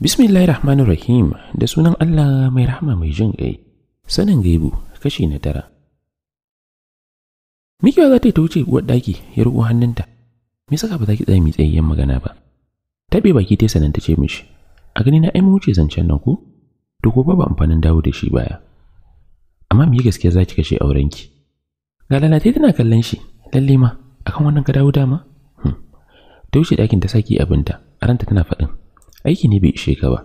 bismillahi Rahmanir Rahim da sunan Allah mai rahama mai jin ƙai, sanin gaibu kashi na tara. Mikiwa za ta yi ta wuce uwar ɗaki ya hannunta, me saka ba za ki tsaye mai tsayayyen magana ba. Taɓe baki ta sanan ta ce mishi, a gani na ai mu wuce zancen nan ko? To ko babu amfanin dawo da shi baya. amma me gaskiya zaki kashe aurenki ga lalatai tana kallon shi lalle ma akan wannan ka dawo dama hmm. taushe ɗakin ta saki abinta a ranta tana faɗin aiki ne bai ishe ka ba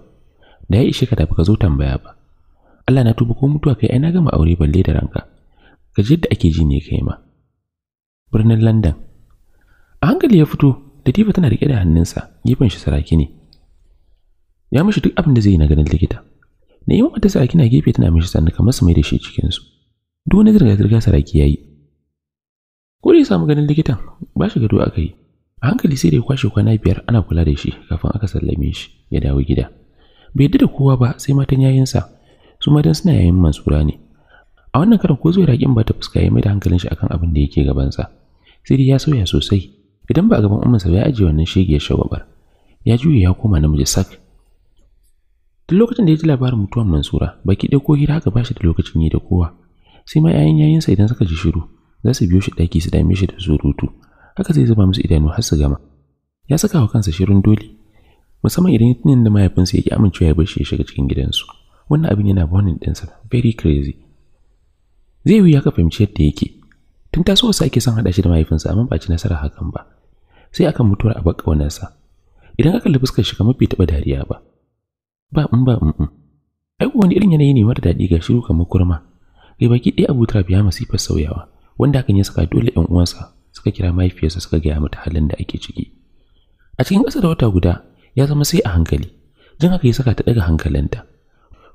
da ya ishe ka da baka zo tambaya ba Allah na tuba ko mutuwa kai ai na gama aure balle da ranka gaji yadda ake ji ne kai ma birnin London a hankali ya fito Latifa tana rike da hannunsa gefen shi saraki ne ya mishi duk abin da zai yi na ganin likita Na'ima mata saraki na gefe tana mishi sannu kamar su mai da shi su Duk wani zirga-zirga saraki ya Ko dai ya samu ganin likitan ba shi gado aka yi. A hankali sai da ya kwashe kwana biyar ana kula da shi kafin aka sallame shi ya dawo gida. Bai yadda da kowa ba sai matan sa. su matan suna yayin mansura ne. A wannan karan ko zuwa raƙin ba ta fuska ya mai da hankalin shi akan abin da yake gabansa. Sai dai ya sauya sosai idan ba a gaban ummansa ba ya ajiye wannan ya shawabar. Ya juya ya koma namiji sak Duk lokacin da ya ji labarin mutuwar Mansura, baki ɗaya ko hira haka ba shi da lokacin yi da kowa. Sai ma 'ya'yan yayinsa idan suka ji shiru, za su biyo shi ɗaki su dame shi da surutu. Haka zai zuba musu idanu har su gama. Ya saka wa kansa shirin dole, musamman idan tunin da mahaifinsa ya ki amincewa ya bar shi ya shiga cikin gidansu. Wannan abin yana bonin ɗinsa, very crazy. Zai ya ka fahimci yadda yake. Tun tasowarsa ake son haɗa shi da mahaifinsa amma ba ci nasara hakan ba. Sai akan mutuwar a bakkaunarsa. Idan aka lubi fuskar shi kamar bai taɓa dariya ba. ba in mm, ba in mm, mm. ai wani irin yanayi ne mara daɗi ga shiru kamar kurma kai baki ɗaya abu tarafi ya masifar sauyawa wanda hakan ya saka dole 'yan uwansa suka kira mahaifiyarsa suka gaya mata halin da ake ciki a cikin ƙasa da wata guda ya zama sai a hankali jin haka ya saka ta ɗaga hankalinta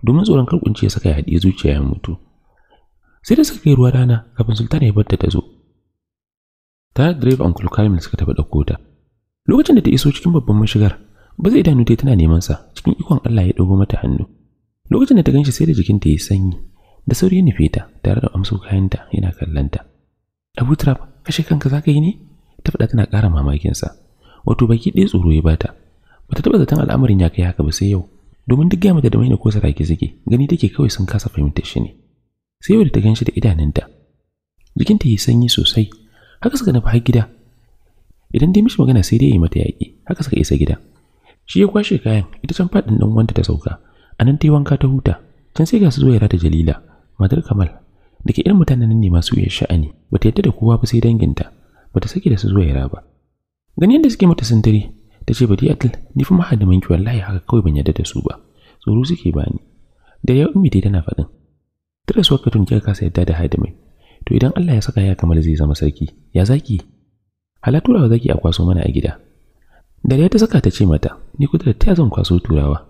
domin tsoron karkunci ya saka ya haɗe zuciya ya mutu sai da suka kai ruwa rana kafin sultana ya barta ta zo tare da direba uncle kamil suka tafi ɗauko ta lokacin da ta iso cikin babban mashigar ba zai idanu tana neman sa cikin ikon Allah ya dago mata hannu lokacin da ta ganshi sai da jikinta ya sanyi da sauri ya nufe ta tare da amso kayanta yana kallanta Abu Turab kashe kanka zaka yi ne ta faɗa tana ƙara mamakin sa wato baki ɗaya tsoro ya bata bata taɓa zaton al'amarin ya kai haka ba sai yau domin duk gaya mata da maina ko sarake suke gani take kawai sun kasa fahimtar shi ne sai yau da ta ganshi da idanunta jikinta yi sanyi sosai haka suka nufi har gida idan dai mishi magana sai dai ya mata yaƙi haka suka isa gida shi ya kwashe kayan ita can faɗin ɗan wanda ta sauka a nan ta yi wanka ta huta can sai ga su zuwa rata jalila matar kamal da ke irin mutanen ne masu iya sha'ani ba ta yadda da kowa ba sai danginta ba ta sake da su zuwa yara ba gani yadda suke mata sintiri ta ce bari atil ni fi mahadimin ki wallahi haka kawai ban yadda da su ba tsoro suke ni da ya ummi dai tana faɗin ta katun kika kasa yadda da hadimai to idan Allah ya saka ya kamar zai zama sarki ya zaki hala zaki a kwaso mana a gida dare ta saka ta ce mata ni kudu da ta zan kwaso turawa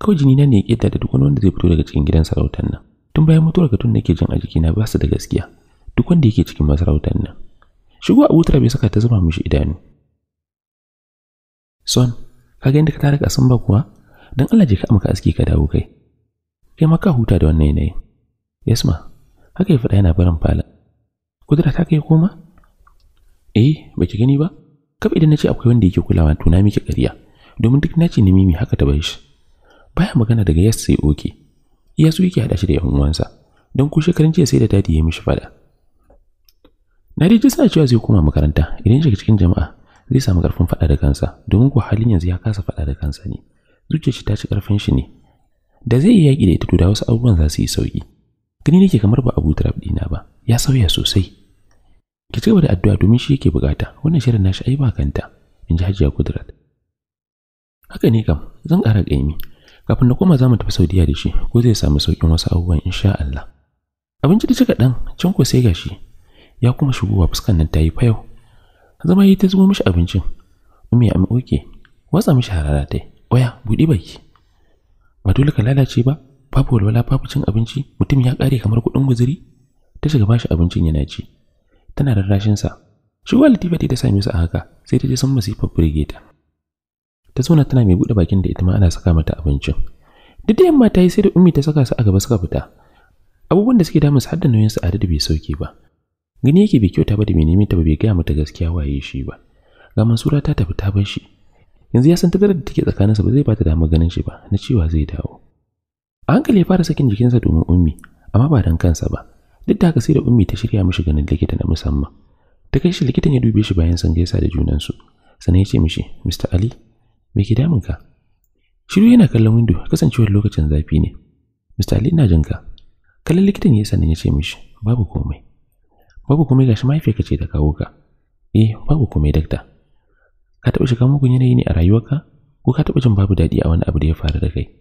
kawai jini na ne ya da duk wanda zai fito daga cikin gidan sarautar nan tun bayan mutuwar da nake jin a jikina ba su da gaskiya duk wanda yake cikin masarautar nan shigo abu bai saka ta zuba mishi idanu son ka ga inda ka tare kasan ba kuwa dan Allah je ka amka aski ka dawo kai kai ma huta da wannan yanayi yasma haka ya faɗa yana barin fala kudura ta kai koma eh baki gani ba kaf idan na ce akwai wanda yake kulawa to na miki ƙarya domin duk na ce ni mimi haka ta bai shi baya magana daga yes sai oke iya su yake hada shi da yan uwansa don ku shekarun jiya sai da dadi ya mishi fada na dai suna cewa zai koma makaranta idan shiga cikin jama'a zai samu karfin fada da kansa domin ko halin yanzu ya kasa fada da kansa ne zuciyar shi ta ci karfin shi ne da zai yi yaƙi da ita to da wasu abubuwan za su yi sauki gani nake kamar ba abu trap dina ba ya sauya sosai ki ci gaba da addu'a domin shi yake bukata wannan shirin nashi ai ba kanta in ji hajiya kudrat haka ne kam zan ƙara kaimi kafin na koma za mu tafi saudiya da shi ko zai samu sauƙin wasu abubuwan insha Allah abinci da ci kaɗan can ko sai gashi ya kuma shigowa fuskar nan ta yi fayau zama yi ta zubo mishi abincin umi ya oke watsa mishi harara tai oya buɗi baki ba dole ka lalace ba babu walwala babu cin abinci mutum ya ƙare kamar kuɗin guzuri ta shiga bashi abincin yana ci tana rarrashinsa shigo latifa ta same su a haka sai ta ji sun masifar burge ta ta zauna tana mai buɗe bakin da ita ma ana saka mata abincin duk da yamma ta yi sai da ummi ta saka su a gaba suka fita abubuwan da suke damu su hadda nauyin a da bai sauke ba gani yake bai kyauta ba da mai neman ta ba bai gaya mata gaskiya waye shi ba ga mansura ta tafi ta bar shi yanzu ya san tazarar da take tsakaninsa ba zai bata damar ganin shi ba na cewa zai dawo a hankali ya fara sakin jikinsa domin ummi amma ba dan kansa ba duk da haka sai da ummi ta shirya mishi ganin likita na musamman ta kai shi likitan ya dube shi bayan san gaisa da junansu sannan ya ce mishi mr ali me ke damun ka shiru yana kallon windo kasancewar lokacin zafi ne mr ali ina jin ka kallon likitan ya sannan ya ce mishi babu komai babu komai gashi mahaifiyarka ce da kawo ka eh babu komai dakta ka taɓa shiga mugun yanayi ne a rayuwarka ko ka taɓa jin babu daɗi a wani abu da ya faru da kai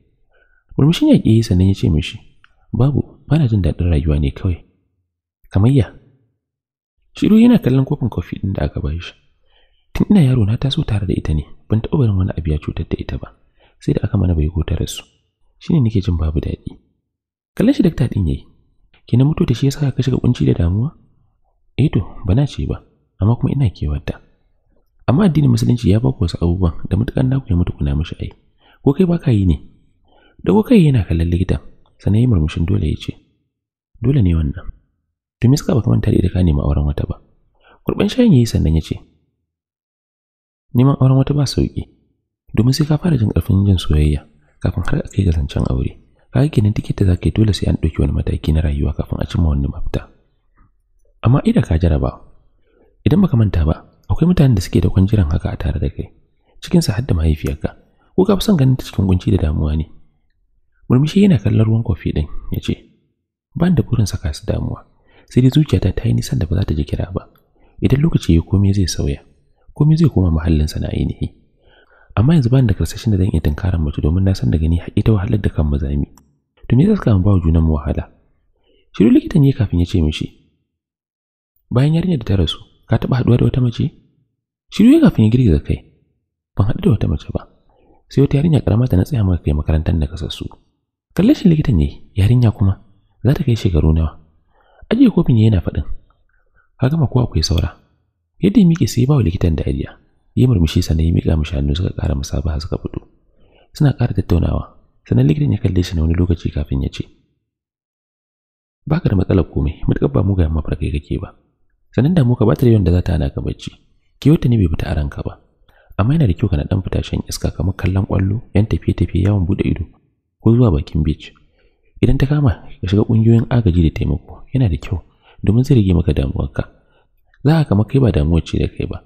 murmushin ya ƙi sannan ya ce mishi babu bana jin daɗin rayuwa ne kawai kamayya shiru yana kallon kofin kofi ɗin da aka ba shi tun ina yaro na taso tare da ita ne ban taɓa barin wani abu ya cutar da ita ba sai da aka mana bai ko ta rasu shine nake jin babu daɗi kallon shi dakta ɗin yayi na mutu da shi yasa ka shiga kunci da damuwa eh to bana ce ba amma kuma ina kewarta amma addinin musulunci ya baku wasu abubuwan da mutukan naku ya mutu kuna mishi ai ko kai baka yi ne dago kai yana kallon likitan sannan murmushin dole ya ce dole ne wannan to me suka baka manta da ka nema auren wata ba kurban shayin yayi sannan ya ce neman auren wata ba sauki domin sai ka fara jin karfin jin soyayya kafin har a kai ga zancen aure kaga kenan tikita za zaka dole sai an ɗauki wani mataki na rayuwa kafin a cimma wani mafita amma idan ka jaraba idan baka manta ba akwai mutanen da suke da kwanjiran haka a tare da kai cikin sa har da mahaifiyarka ko ka fi son ganin ta cikin gunci da damuwa ne murmushi yana kallon ruwan kofi din yace ce ban da burin saka su damuwa sai dai zuciyata ta yi nisan da ba za ta ji kira ba idan lokaci ya komai zai sauya komai zai koma mahallinsa na ainihi amma yanzu bani da karsashin da zan iya tunkarar mace domin na san da gani haƙi ta wahalar da kan mu zami to me zaka ba junan mu wahala shiru likitan ne kafin ya ce mishi bayan yarinya da ta rasu ka taba haɗuwa da wata mace shiru ya kafin ya girgiza kai ban haɗu da wata mace ba sai wata yarinya karama ta na tsaya maka kai makarantar da kasassu kallon shi likitan ne yarinya kuma za ta kai shekaru nawa ajiye kofin yana faɗin ka gama ko akwai saura yadda ya miki sai ya bawa likitan dariya ya murmushi sannan ya miƙa mishi hannu suka ƙara ba suka fito suna ƙara tattaunawa sannan likitan ya kalle shi na wani lokaci kafin ya ce ba ka da matsalar komai matuƙar ba mugayen mafarkai kake ba sannan da muka ba ta da yawan da za ta hana ka bacci kiyota ne bai fita a ranka ba amma yana da kyau kana dan fita shan iska kamar kallon kwallo yan tafiye-tafiye yawon bude ido ko zuwa bakin beach idan ta kama ka shiga ƙungiyoyin agaji da taimako yana da kyau domin zai rage maka damuwarka za ka kama kai ba damuwar ce da kai ba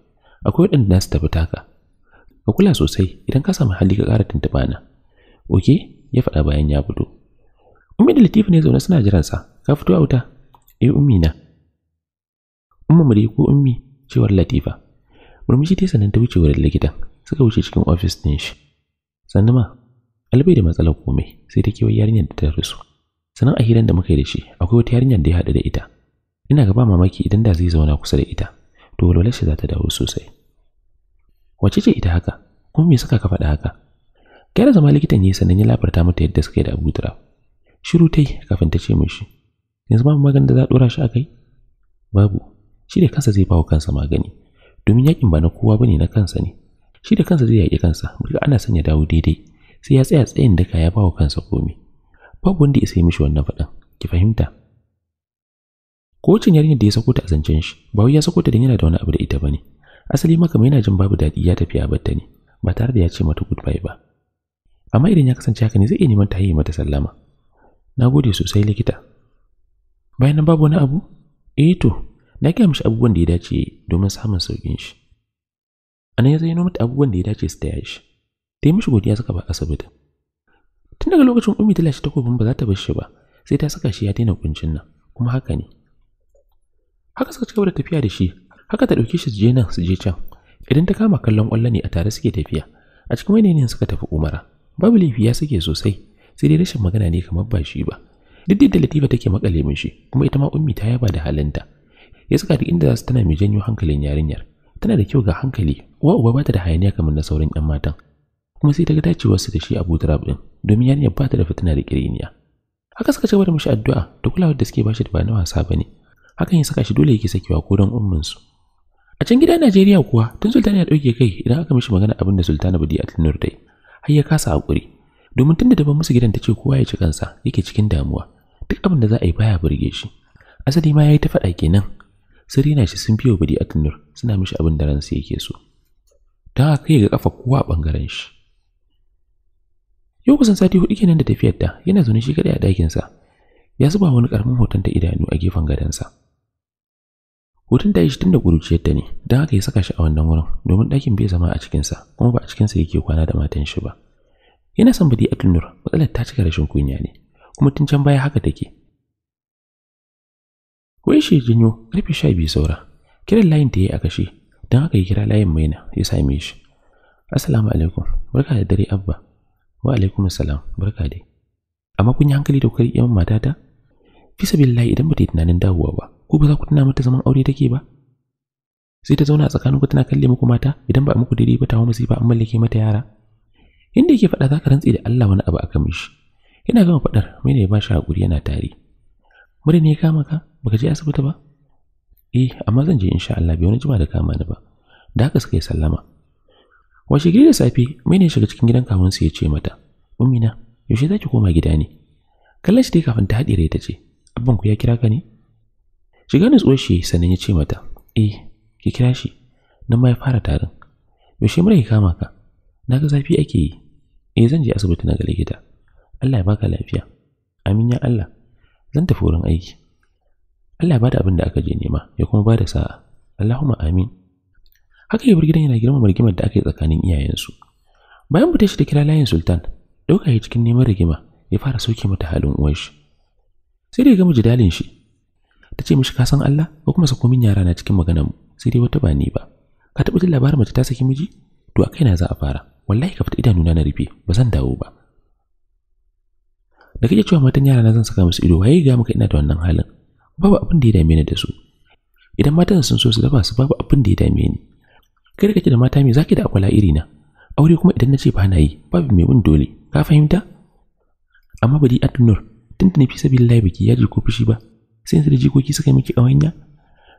akwai waɗanda nasu tafi taka ka kula sosai idan ka samu hali ka ƙara tuntuɓa na oke ya faɗa bayan ya fito ummi da latifa ne zaune suna jiran sa ka fito a wuta eh ummi na umma mu dai ko ummi cewar latifa murmushi ta sanin ta wuce wurin likitan suka wuce cikin ofis ɗin shi sannan ma albai da matsalar komai sai ta kewa yarinyar da ta rasu sanan a hiran da muka yi da shi akwai wata yarinyar da ya haɗu da ita ina ga ba mamaki idan da zai zauna kusa da ita to walwalar shi za ta dawo sosai wace ce ita haka kuma me suka ka faɗa haka gyara zama likitan ne sannan ya labarta mata yadda suka yi da abu turab shiru tai kafin ta ce mishi yanzu babu maganin da za a ɗora shi a kai babu shi da kansa zai bawa kansa magani domin yakin ba na kowa ba ne na kansa ne shi da kansa zai yaki kansa mutum ana son ya dawo daidai sai ya tsaya tsayin daka ya bawa kansa komai babu wanda ya sai mishi wannan faɗan ki fahimta kocin yarinyar da ya sako ta a zancen shi ba wai ya sako ta don yana da wani abu da ita bane asali maka mai yana jin babu daɗi ya tafi a batta ne ba tare da ya ce mata goodbye ba amma idan ya kasance haka ne zai iya neman ta yi mata sallama na gode sosai likita bayan babu wani abu eh to na gaya mishi abubuwan da ya dace domin samun saukin shi a nan ya zayyano mata abubuwan da ya dace su taya shi ta yi mishi godiya suka ba asibitin tun daga lokacin ummi ta lashe takobin ba za ta bar shi ba sai ta saka shi ya daina kuncin nan kuma haka ne haka suka cigaba da tafiya da shi haka ta ɗauke shi su je nan su je can idan ta kama kallon kwallo ne a tare suke tafiya a cikin wani yanayin suka tafi umara babu laifi ya sake sosai sai dai rashin magana ne kamar ba shi ba duk da latifa take makale min shi kuma ita ma ummi ta yaba da halinta ya saka duk inda tana mai janyo hankalin yarinyar tana da kyau ga hankali uwa uba bata da hayaniya kamar na sauran yan matan kuma sai ta ga dacewar su da shi a turab din domin yarinyar ba ta da fitina da kiriniya haka suka ci da mashi addu'a da kulawar da suke bashi da ba na wasa ne hakan ya saka shi dole yake sakewa ko don ummin su a can gidan Najeriya kuwa tun sultana ya dauke kai idan aka mishi magana abin da sultana budi tunur dai har ya kasa hakuri domin tun da daban musu gidan ta ce kowa ya ci kansa yake cikin damuwa duk abin da za a yi baya burge shi asali ma ya yi ta faɗa kenan sirri na shi sun biyo budi tunur suna mishi abin da ransa yake so don haka ya ga kafa kowa a bangaren shi Yau kusan sati hudu kenan da tafiyar ta yana zaune shi kadai a ɗakin sa. Ya zuba wani karamin hoton ta idanu a gefen gadon sa. Hoton ta yi shi tunda kuruciyar ta ne, don haka ya saka shi a wannan wurin domin ɗakin bai zama a cikin sa, kuma ba a cikin sa yake kwana da matan shi ba. Yana son badi a matsalar ta cika rashin kunya ne, kuma tun can baya haka take. Wai shi jinyo karfe sha biyu saura, kiran layin ta yi a kashe, don haka ya kira layin maina ya same shi. Assalamu alaikum, barka da dare abba. wa alaikum salam barka dai amma kun yi hankali da kokari yan matata fi billahi idan bata yi tunanin dawowa ba ko ba za ku tuna mata zaman aure take ba sai ta zauna a tsakanin ku tana kalle muku mata idan ba a muku daidai ba ta hawo musiba an mallake mata yara inda yake faɗa za ka rantsi da Allah wani abu akan mishi yana gama faɗar mai ne ba shi hakuri yana tari muri ne ya kama ka baka je asibiti ba eh amma zan je insha Allah bai wani jima da kama ni ba da haka suka yi sallama Washe gari da safe, mai ne shiga cikin gidan kawunsa ya ce mata, Ummina, yaushe za ki koma gida ne? Kallon shi dai kafin ta haɗe rai ta ce, Abban ku ya kira ka ne? Shiga nutsuwar shi sannan ya ce mata, Eh, ki kira shi, nan ma ya fara tarin. Yaushe mura ya kama ka? Na ga zafi ake yi. e zan je asibiti na ga likita. Allah ya baka lafiya. Amin ya Allah. Zan tafi wurin aiki. Allah ya bada abin da aka je nema, ya kuma bada sa'a. Allahumma amin. haka yabar gidan yana girmama rigimar da aka yi tsakanin iyayensu bayan fita shi da kira layin sultan dauka ya cikin neman rigima ya fara sauke mata halin uwar shi sai da ya gama jidalin shi ta ce mishi ka san Allah ko kuma sako min yara na cikin maganar mu sai dai wata ba ni ba ka taɓa jin labarin mace ta saki miji to a na za a fara wallahi ka fita idanuna na rufe ba zan dawo ba da kake cewa matan yara na zan saka musu ido waye ga maka ina da wannan halin babu abin da ya dame ni da su idan matan sun so su dafa su babu abin da ya dame ni kai da da mata me zaki da akwala iri na aure kuma idan na ce ba na yi babu mai bin dole ka fahimta amma bari adnur tun da nafi sabilillahi ya ji ko fushi ba sai sai da jikoki suka miki kawanya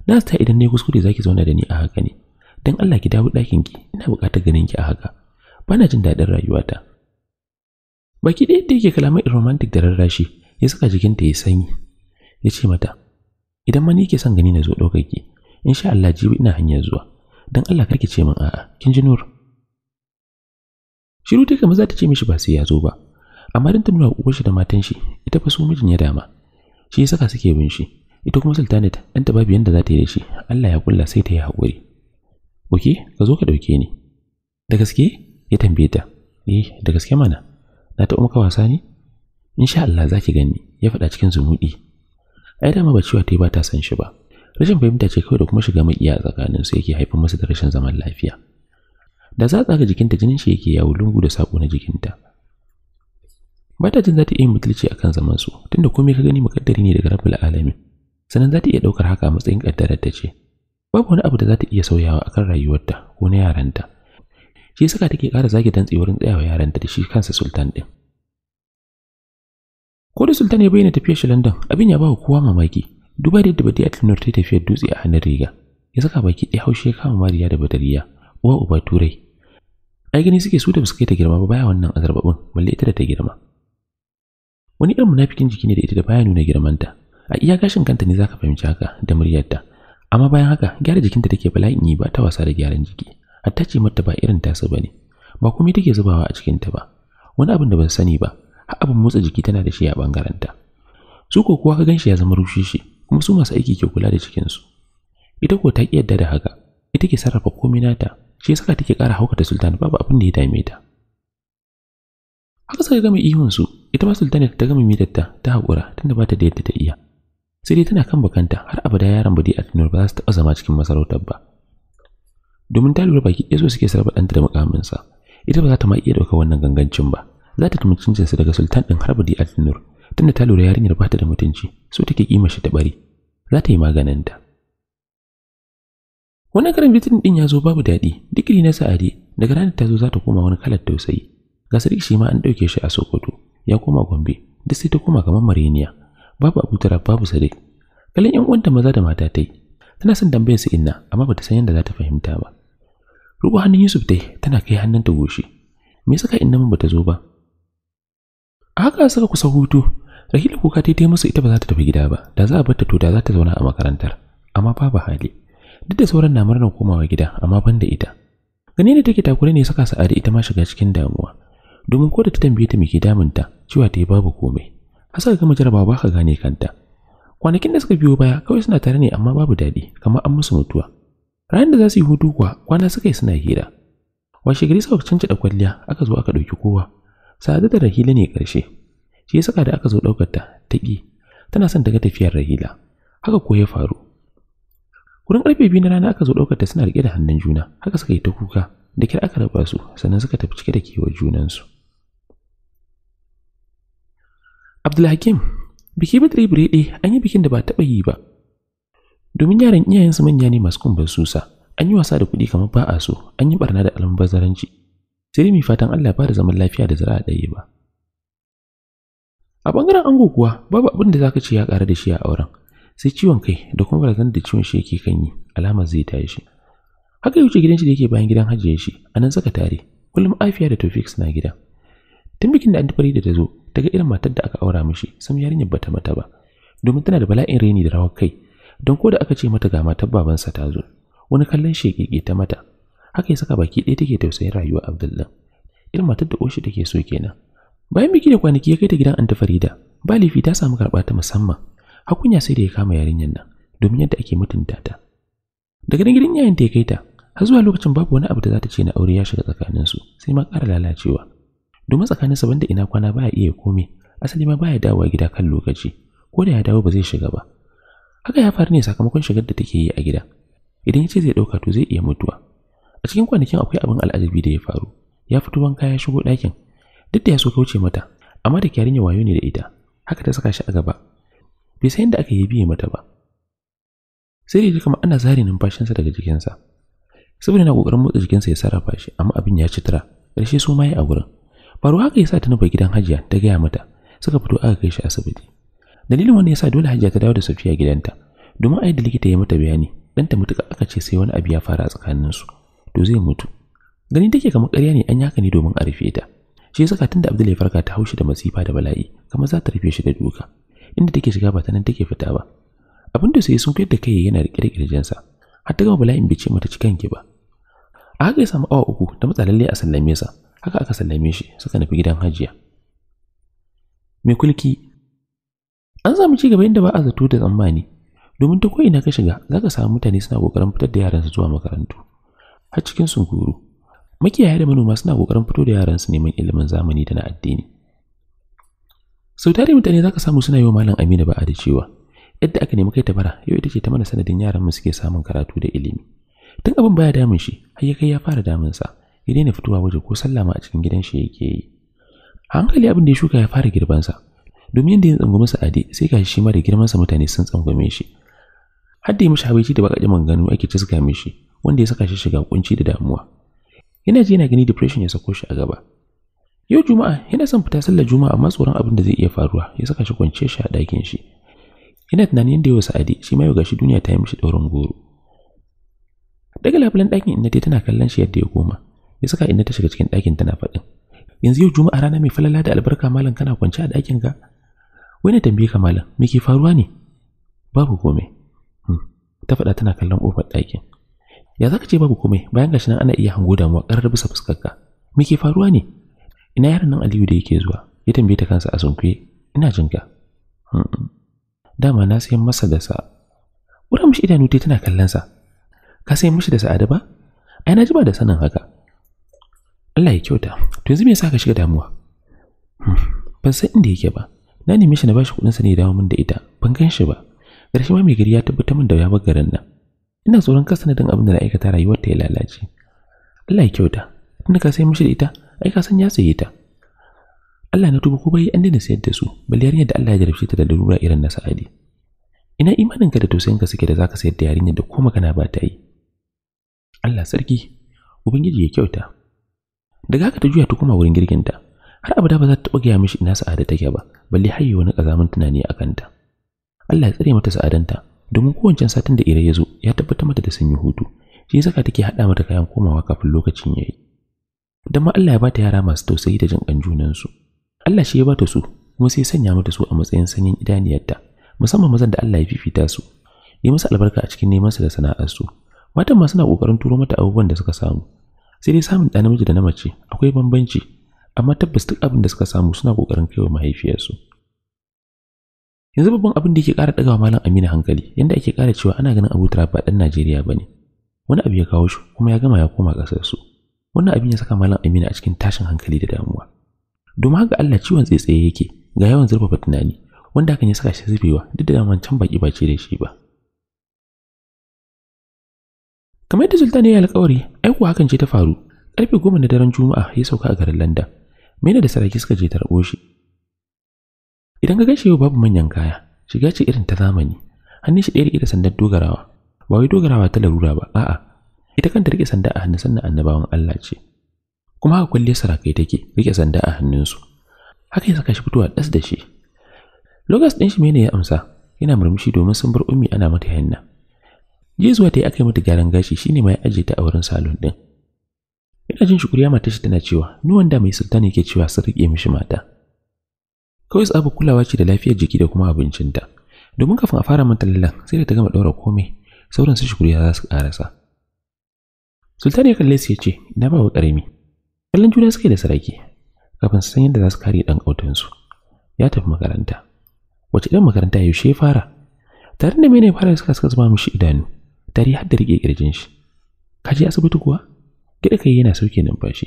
na ta idan ne kuskure zaki zauna da ni a haka ne dan Allah ki dawo dakin ki ina bukatar ganin ki a haka bana jin dadin rayuwata baki ɗaya da yake kalamar romantic da rarrashi ya saka jikinta ya sanyi ya ce mata idan ma ni ke son gani na zo ɗaukar ki insha Allah jibi ina hanyar zuwa don Allah karki ce min a'a kin ji nur shiru take maza ta ce mishi ba sai ya zo ba amma din tunawa uwar shi da matan shi ita fa su mijin ya dama shi ya saka suke bin shi ita kuma sultanat dan ta babu yanda za ta yi da shi Allah ya kulla sai ta yi haƙuri oke ka zo ka dauke ni da gaske ya tambaye ta eh da gaske mana na ta maka wasa ne insha Allah zaki gani ya faɗa cikin zumuɗi ai dama ba cewa ta yi ba ta san shi ba rashin fahimta ce kawai da kuma shiga a tsakanin su yake haifar masa da rashin zaman lafiya da za tsaka jikinta jinin shi yake yawo lungu da sako na jikinta ba ta jin za ta iya mutulci akan zaman su tunda komai ka gani mukaddari ne daga rabbul alamin sannan za ta iya daukar haka a matsayin kaddarar ta ce babu wani abu da za ta iya sauyawa a kan rayuwarta ko na yaranta shi saka take ƙara zage dan wurin tsayawa yaranta da shi kansa sultan din ko da sultan ya bayyana tafiyar shi london abin ya ba kowa mamaki duba da yadda a tunar ta tafiyar dutse a hannun riga ya saka baki ɗaya haushe ya kama mariya da badariya uwa uba turai ai gani suke su da ba su ta girma ba baya wannan azarbabin balle ita da ta girma wani irin munafikin jiki ne da ita da baya nuna girmanta a iya gashin kanta ne zaka fahimci haka da muryarta amma bayan haka gyara jikinta take bala'in yi ba ta wasa da gyaran jiki hatta ce mata ba irin tasa bane ba komai take zubawa a cikinta ba wani abin da ban sani ba har abin motsa jiki tana da shi a bangaranta su ko kuwa ka ganshi ya zama rushe kuma su masu aiki ke kula da cikinsu ita ko ta ki yadda da haka ita ke sarrafa komai nata shi saka take ƙara haukata sultan babu abin da ya dame ta haka suka gama ihun su ita ma sultana ta gama mitar ta ta haƙura tunda ba ta da yadda ta iya sai dai tana kan bakanta har abada yaron ba dai a tunar ba za su taɓa zama cikin masarautar ba domin ta lura baki ɗaya so suke sarrafa danta da mukaminsa ita ba za ta ma iya ɗauka wannan gangancin ba za ta tumi cincinsa daga sultan ɗin har ba dai a tunur tunda ta lura yarinyar ba ta da mutunci so take kima shi ta bari za ta yi ta wannan karin bitin din ya zo babu daɗi digiri na sa'adi daga ranar ta zo za ta koma wani kalar tausayi ga sarki shi ma an dauke shi a sokoto ya koma gombe duk sai ta koma kamar mariniya babu abutara babu sadiq kalin yan uwanta maza da mata ta yi tana son tambayar su inna amma bata san yadda za ta fahimta ba rubu hannun yusuf dai tana kai hannun ta goshi me saka inna mun bata zo ba a haka suka kusa hutu Rahila kuka ta yi musu ita ba za ta tafi gida ba, da za a bar ta to da za ta zauna a makarantar, amma babu hali. Duk da sauran na murnar komawa gida, amma ban da ita. Gani da take takure ne saka sa'adi ita ma shiga cikin damuwa. Domin ko da ta tambaye ta miki damun damunta, cewa ta yi babu komai. ka ga jarabawa ba ka gane kanta. Kwanakin da suka biyo baya kawai suna tare ne amma babu daɗi, kamar an musu mutuwa. Ranar da za su yi hutu kuwa kwana suka yi suna hira. Washe gari suka da kwalliya aka zo aka ɗauki kowa. Sa'ada da Rahila ne ƙarshe shi ya saka da aka zo ɗaukar ta ta ƙi tana son ta ga tafiyar rahila haka ko ya faru wurin ƙarfe biyu na rana aka zo ɗaukar ta suna riƙe da hannun juna haka suka yi ta kuka da kira aka raba su sannan suka tafi cike da kewar junansu abdulhakim biki bitri birede an yi bikin da ba taɓa yi ba domin yaran iyayensu manya ne masu kumbar susa an yi wasa da kuɗi kamar ba a so an yi barna da almubazaranci sai dai mai fatan allah ba da zaman lafiya da zara a ɗaya ba a bangaren ango kuwa babu abin da zaka ce ya ƙara da shi a auren sai ciwon kai da kuma barazanar da ciwon shi yake kan yi alama zai tashi haka ya wuce gidan shi da yake bayan gidan ya shi a nan suka tare kullum afiya da tofiks na gida tun bikin da antifari da ta zo ta irin matar da aka aura mishi sam yarinyar bata mata ba domin tana da bala'in raini da rawar kai don ko da aka ce mata ga matar babansa ta zo wani kallon shekeke ta mata haka ya saka baki ɗaya take tausayin rayuwa abdullahi irin matar da oshi take so kenan bayan biki da kwanaki ya kai ta gidan anti farida ba laifi ta samu karɓa ta musamman hakunya sai da ya kama yarinyar nan domin yadda ake mutunta ta daga nan gidan yayin ta ya kai ta har zuwa lokacin babu wani abu da za ta ce na aure ya shiga tsakaninsu sai ma ƙara lalacewa domin tsakaninsa banda ina kwana baya iya komai asali ma baya dawowa gida kan lokaci ko da ya dawo ba zai shiga ba haka ya faru ne sakamakon shigar da take yi a gida idan ya ce zai ɗauka to zai iya mutuwa a cikin kwanakin akwai abin al'ajabi da ya faru ya fito wanka ya shigo ɗakin duk da ya so kauce mata amma da kyarinya wayo ne da ita haka ta saka shi a gaba bai san yadda aka yi biye mata ba sai da kuma ana zare numfashinsa daga jikinsa saboda na kokarin motsa jikinsa ya sarrafa shi amma abin ya ci tura ƙarshe su ma ya a wurin faru haka ya sa ta nufa gidan hajiya ta gaya mata suka fito aka kai shi asibiti dalilin wannan ya sa dole hajiya ta dawo da safiya gidanta domin a da likita ya mata bayani dan ta mutuka aka ce sai wani abu ya fara a tsakaninsu to zai mutu gani take kamar ƙarya ne an haka ne domin a rufe ta shi ya saka tunda Abdul ya farka ta haushi da masifa da bala'i kamar za ta rufe shi da duka inda take shiga ba ta nan take fita ba abin da sai sun fiyar da kai yana rike da kirjinsa har ta gama bala'in bai ce mata cikan ki ba a haka ya samu awa uku da matsalalle a sallame sa haka aka sallame shi suka nufi gidan hajiya mai kulki an samu ci gaba inda ba a zato da tsammani domin ta ko ina ka shiga za ka samu mutane suna kokarin fitar da yaran yaransu zuwa makarantu har cikin sunkuru makiyaya da manoma suna kokarin fito da yaran su neman ilimin zamani da na addini sau tare mutane zaka samu suna yi wa malam amina ba'a da cewa yadda aka nemi kai ta bara yau ita ce ta mana sanadin yaran mu suke samun karatu da ilimi tun abin baya damun shi har ya kai ya fara damun sa ya daina fitowa waje ko sallama a cikin gidan shi yake yi hankali abin da ya shuka ya fara sa domin yadda ya tsangwami ade sai ka shi ma da sa mutane sun tsangwame shi har da ya mishi habaici da man ganu ake cizga mishi wanda ya saka shi shiga kunci da damuwa yana ji yana gani depression ya sako shi a gaba yau juma'a yana son fita sallar juma'a amma tsoron abin da zai iya faruwa ya saka shi kwance shi a ɗakin shi yana tunanin yadda yau sa'adi shi ma yau gashi duniya ta yi mishi ɗaurin goro daga labulen ɗakin inna dai tana kallon shi yadda ya koma ya saka inna ta shiga cikin ɗakin tana faɗin yanzu yau juma'a rana mai falala da albarka malam kana kwance a ɗakin ka wai na tambaye ka malam me ke faruwa ne babu komai hmm, ta faɗa tana kallon ƙofar ɗakin ya zaka ce babu komai bayan gashi nan ana iya hango damuwa karar bisa fuskarka me ke faruwa ne ina yaron nan Aliyu da yake zuwa ya tambaye ta kansa a sunkuye ina jin ka dama na sayan masa da sa wurin mishi idanu dai tana kallon sa ka sayan mishi da sa'ada ba ai na ji ba da sanin haka Allah ya kyauta to yanzu me yasa ka shiga damuwa hmm, ban san inda yake ba na nemi shi na bashi kuɗin sa ne ya dawo da ita ban gan shi ba ƙarshe ma mai gari ya tabbatar min da ya bar garin nan ina tsoron kar sanadin abin da na aikata rayuwar ta ya lalace Allah ya kyauta tunda ka sai mishi da ita ai ka san ya saye ta Allah na tuba ko bai an daina sayar da su bal yarinyar da Allah ya jarabce ta da lura irin na Sa'adi ina imaninka da tausayinka suke da zaka sayar da yarinyar da ko magana ba ta yi Allah sarki ubangiji ya kyauta daga haka ta juya ta koma wurin girginta har abada ba za ta taba gaya mishi ina sa'ada take ba balle har wani ƙazamin tunani akanta. ta Allah ya tsare mata sa'adanta domin kowace satin da ire ya zo ya tabbatar mata da sun yi hutu shi saka take haɗa mata kayan komawa kafin lokacin ya yi don ma Allah ya bata yara masu tausayi da jin ƙan junansu Allah shi ya bata su kuma sai sanya mata su a matsayin sanyin idaniyarta musamman mazan da Allah ya fifita su yi masa albarka a cikin neman su da su matan ma suna ƙoƙarin turo mata abubuwan da suka samu sai dai samun ɗa namiji da na mace akwai bambanci amma tabbas duk abin da suka samu suna ƙoƙarin kaiwa mahaifiyarsu yanzu babban abin da yake ƙara ɗagawa malam amina hankali yanda ake ƙara cewa ana ganin Abu tara ba ɗan Najeriya ne wani abu ya kawo shi kuma ya gama ya koma kasar su wannan abin ya saka malam amina a cikin tashin hankali da damuwa domin haka Allah ciwon tsaitsaye yake ga yawan zurfafa tunani wanda hakan ya saka shi zubewa duk da daman can baki ba ce da shi ba kamar yadda sultan ya yi alkawari aiko hakan ce ta faru karfe goma na daren juma'a ya sauka a garin landa mena da sarki suka je rabo shi idan ka ganshi yau babu manyan kaya shiga ce irin ta zamani hannun shi ɗaya da sandar dogarawa ba wai dogarawa ta larura ba a'a ita kanta rike sanda a hannun sannan annabawan Allah ce kuma haka kulle sarakai take rike sanda a hannunsu haka ya saka shi fitowa ɗas da shi Logas ɗin shi mene ya amsa yana murmushi domin sun bar ummi ana mata hanna zuwa ta yi aka yi mata gyaran gashi shine ma ya aje ta a wurin salon ɗin. Ina jin shukuriya mata shi tana cewa ni wanda mai sultani yake cewa sun rike mishi mata. kawai tsabar kulawa ce da lafiyar jiki da kuma abincinta domin kafin a fara manta lallan sai da ta gama ɗaura komai sauran su shukuri za su ƙarasa sultani ya kalle su ya ce na ba wa ƙarami kallon juna suka yi da sarki kafin su san yadda za su kare ɗan ƙautansu ya tafi makaranta wace ɗan makaranta yaushe ya fara tare da mene fara suka suka zama mishi idanu tare har da riƙe ƙirjin shi ka je asibiti kuwa gida kai yana sauke numfashi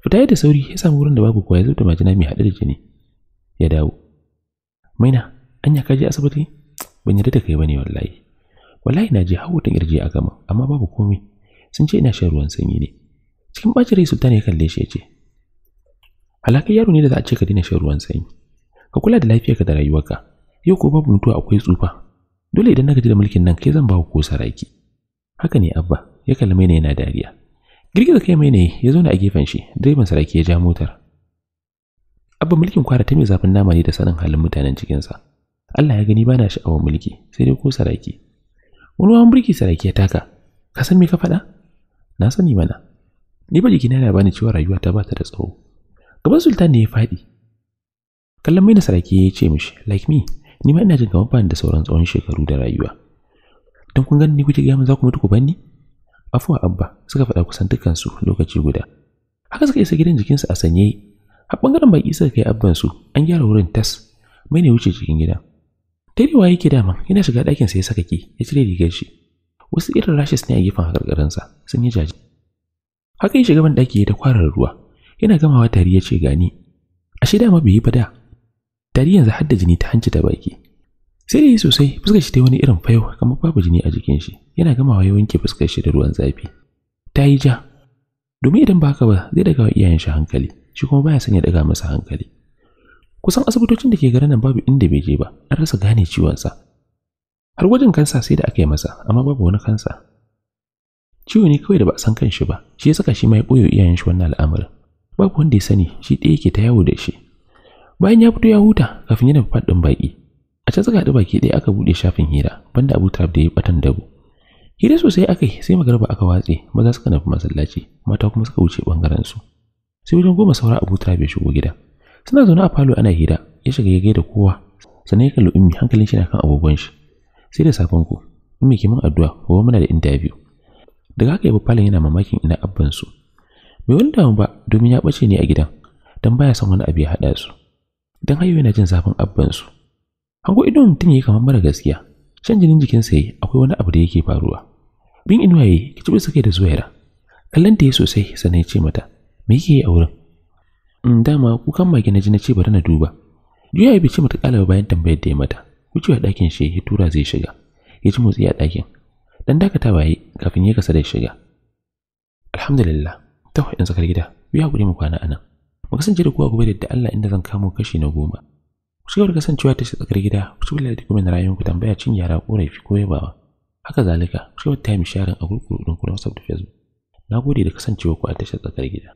fita da sauri ya samu wurin da babu kowa ya da majina mai haɗe da jini ya dawo maina anya ka asibiti ban yarda da kai bane wallahi wallahi na je hawo ta kirje a gama amma babu komai sun ce ina shan ruwan sanyi ne cikin bacin rai sultan ya kalle shi ya ce halaka yaro ne da za a ce ka daina shan ruwan sanyi ka kula da lafiyarka da rayuwarka yau ko babu mutuwa akwai tsufa dole idan na gaji da mulkin nan kai zan ba ku saraki haka ne abba ya kalli maina yana dariya girgiza kai maina ya zauna a gefen shi direban saraki ya ja motar abba mulkin kwara ta mai zafin nama ne da sanin halin mutanen cikinsa Allah ya gani ba na sha'awar mulki sai dai ko saraki wani wani mulki saraki ya taka ka san me ka faɗa na sani mana ni ba jikina yana bani cewa rayuwa ta bata da tsawo gaban sultan ne ya faɗi kallon mai na saraki ya ce mishi like me ni ma ina jin kamar bani da sauran tsawon shekaru da rayuwa don kun gani ni kuke gaya za ku mutu ku banni afuwa abba suka faɗa kusan dukansu lokaci guda haka suka isa gidan jikinsu a sanye a ɓangaren baki suka kai abbansu an gyara wurin tas mai ne wuce cikin gida tarewa yake dama yana shiga ɗakin sai ya saka ki ya cire rigar shi wasu irin rashes ne a gefen sa sun yi jaji haka ya shiga ban ɗaki da ta kwarar ruwa yana gamawa tari ya ce gani ashe dama bai yi fada tari yanzu har da jini ta hanci ta baki sai da yi sosai fuskar shi ta wani irin fayo kamar babu jini a jikin shi yana gamawa ya wanke fuskar shi da ruwan zafi ta yi ja domin idan ba haka ba zai daga wa iyayen shi hankali shi kuma baya son daga masa hankali kusan asibitocin da ke garin nan babu inda bai je ba an rasa gane ciwonsa har gwajin kansa sai da aka yi masa amma babu wani kansa ciwo ne kawai da ba a san kan shi ba shi ya saka shi ma ya ɓoye iyayen shi wannan al'amarin babu wanda ya sani shi ɗaya yake ta yawo da shi bayan ya fito ya huta kafin yana faɗin baƙi a can suka haɗu baki ɗaya aka buɗe shafin hira banda abu tarab da ya batan dabo hira sosai aka yi sai magarba aka watse maza suka nufi masallaci mata kuma suka wuce ɓangaren su sai wajen goma saura abu ta bai shigo gida suna zaune a falo ana hira ya shiga ya gaida kowa sannan ya kalli ummi hankalin shi na kan abubuwan shi sai da safin ku ummi ke min addu'a gobe muna da interview daga haka yabo falon yana mamakin ina abban su bai wani damu ba domin ya bace ne a gidan dan baya son wani abu ya hada su dan hayo yana jin zafin abban su hango idon mutum yayi kamar mara gaskiya shan jinin jikin sa akwai wani abu da yake faruwa bin inuwaye kici ki ci bisa kai da zuwaira kallon ta yi sosai sannan ya ce mata me yake yi a wurin mm, dama kukan mage na ji na ce bari na duba juya ya ce mata kalaba bayan tambayar da ya mata wucewa ɗakin shi ya tura zai shiga ya ji motsi a dakin. dan dakata waye kafin ya kasa da shiga alhamdulillah ta in tsakar gida biya hakuri mu kwana anan mu kasance da kowa gobe da Allah inda zan kamo kashi na goma ku cigaba da kasancewa ta tsakar gida ku cigaba da kuma na rayuwar ku tambaya cin yara korafi ko yabawa haka zalika ku cigaba da time sharing a gurgurun ku na da Facebook gode da kasancewa ku a tashar tsakar gida